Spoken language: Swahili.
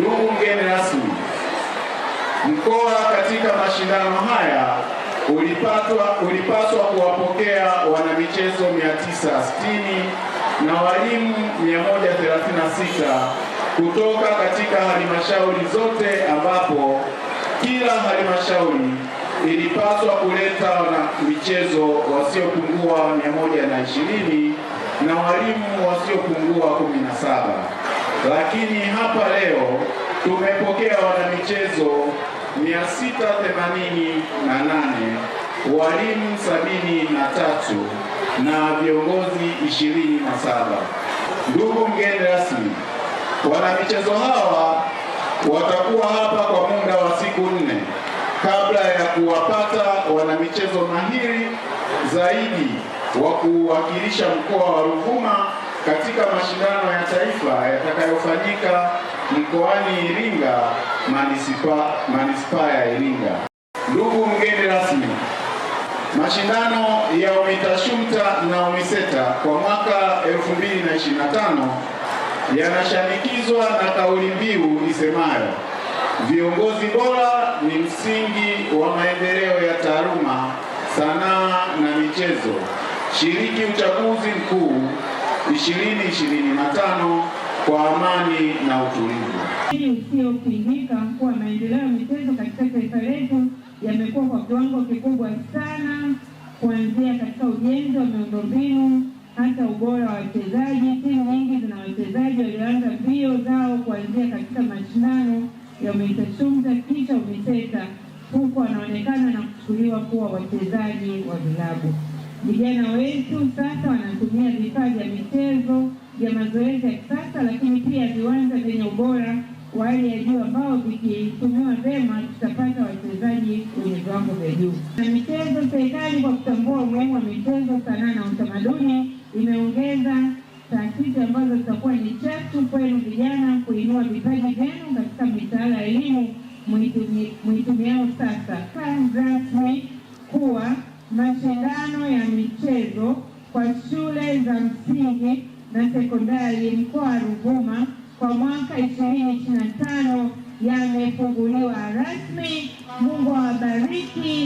Ndugu mgeni rasmi, mkoa katika mashindano haya ulipatwa ulipaswa kuwapokea wanamichezo 960 na walimu 136 kutoka katika halmashauri zote, ambapo kila halmashauri ilipaswa kuleta wanamichezo wasiopungua 120 na walimu wasiopungua 17 lakini hapa leo tumepokea wanamichezo 688 walimu 73 na viongozi 27. Ndugu mgeni rasmi, wanamichezo hawa watakuwa hapa kwa muda wa siku nne kabla ya kuwapata wanamichezo mahiri zaidi wa kuwakilisha mkoa wa Ruvuma katika mashindano ya taifa yatakayofanyika mkoani Iringa, manisipa manispa ya Iringa. Ndugu mgeni rasmi, mashindano ya UMITASHUMTA na UMISETA kwa mwaka 2025 yanashanikizwa na kauli mbiu isemayo viongozi bora ni msingi wa maendeleo ya taaluma, sanaa na michezo. Shiriki uchaguzi mkuu 2025 kwa amani na utulivu. Ili kuinika kuwa maendeleo ya michezo katika taifa letu yamekuwa kwa kiwango kikubwa sana, kuanzia katika ujenzi wa miundombinu hata ubora wa wachezaji. Timu nyingi zina wachezaji walioanza mbio zao kuanzia katika mashindano ya UMISESUMTA kisha UMISETA, huku wanaonekana na kuchukuliwa kuwa wachezaji wa vilabu. Vijana wetu sasa wanatumia vifaa vya michezo vya mazoezi ya kisasa, lakini pia viwanja vyenye ubora wa hali ya juu ambao vikitumiwa vyema tutapata wachezaji wenye viwango vya juu. Na michezo, serikali kwa kutambua umuhimu wa michezo, sanaa na utamaduni imeongeza taasisi ambazo zitakuwa ni chachu kwenu vijana kuinua vipaji vyenu katika mitaala ya elimu mwitumia, mwitumiao sasa rasmi kuwa mashindano ya michezo kwa shule za msingi na sekondari mkoa wa Ruvuma kwa mwaka 2025 yamefunguliwa rasmi. Mungu awabariki.